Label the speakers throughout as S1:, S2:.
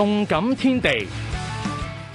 S1: 動感天地，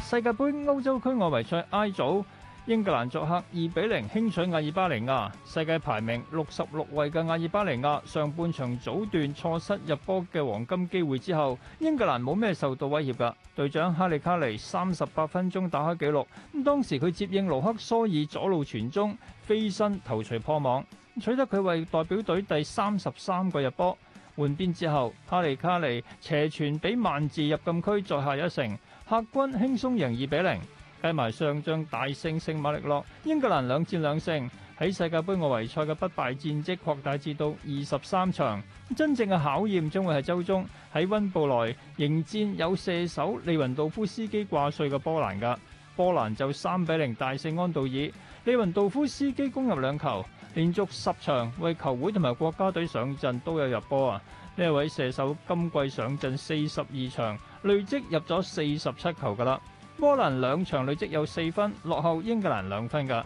S1: 世界盃歐洲區外圍賽 I 組，英格蘭作客二比零輕取阿爾巴尼亞。世界排名六十六位嘅阿爾巴尼亞，上半場早段錯失入波嘅黃金機會之後，英格蘭冇咩受到威脅噶。隊長哈利卡尼三十八分鐘打開紀錄，咁當時佢接應盧克索爾左路傳中，飛身頭錘破網，取得佢為代表隊第三十三個入波。換邊之後，哈利卡尼斜傳俾萬字入禁區，再下一城，客軍輕鬆贏二比零。計埋上仗大勝聖馬力諾，英格蘭兩戰兩勝，喺世界盃外圍賽嘅不敗戰績擴大至到二十三場。真正嘅考驗將會係周中喺溫布萊迎戰有射手利雲道夫斯基掛帥嘅波蘭㗎。波蘭就三比零大勝安道爾，利雲道夫斯基攻入兩球，連續十場為球會同埋國家隊上陣都有入波啊！呢位射手今季上陣四十二場，累積入咗四十七球噶啦。波蘭兩場累積有四分，落後英格蘭兩分噶。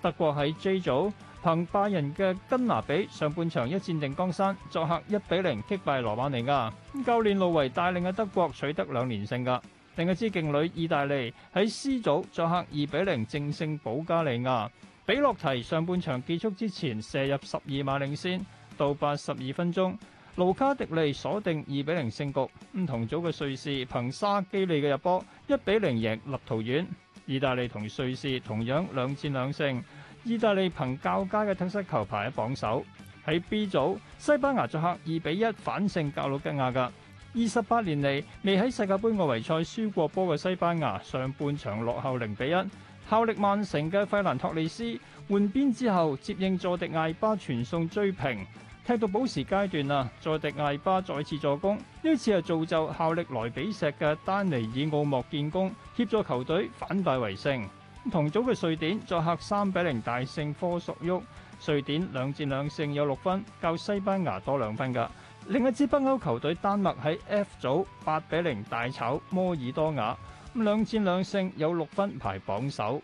S1: 德國喺 J 組憑拜仁嘅根拿比，上半場一戰定江山，作客一比零擊敗羅馬尼亞。咁教練路維帶領嘅德國取得兩連勝噶。另一支勁旅意大利喺 C 組作客2比0正勝保加利亞，比洛提上半場結束之前射入十二碼領先，到八十二分鐘，盧卡迪利鎖定2比0勝局。唔同組嘅瑞士憑沙基利嘅入波1比0贏立陶宛，意大利同瑞士同樣兩戰兩勝，意大利憑較佳嘅體色球排喺榜首。喺 B 組西班牙作客2比1反勝格魯吉亞噶。二十八年嚟未喺世界杯外圍賽輸過波嘅西班牙，上半場落後零比一。效力曼城嘅費蘭托利斯換邊之後，接應佐迪艾巴傳送追平。踢到補時階段啊，佐迪艾巴再次助攻，呢次係造就效力萊比錫嘅丹尼爾奧莫建功，協助球隊反敗為勝。同組嘅瑞典作客三比零大勝科索沃，瑞典兩戰兩勝有六分，較西班牙多兩分㗎。另一支北歐球隊丹麥喺 F 組八比零大炒摩爾多瓦，咁兩戰兩勝，有六分排榜首。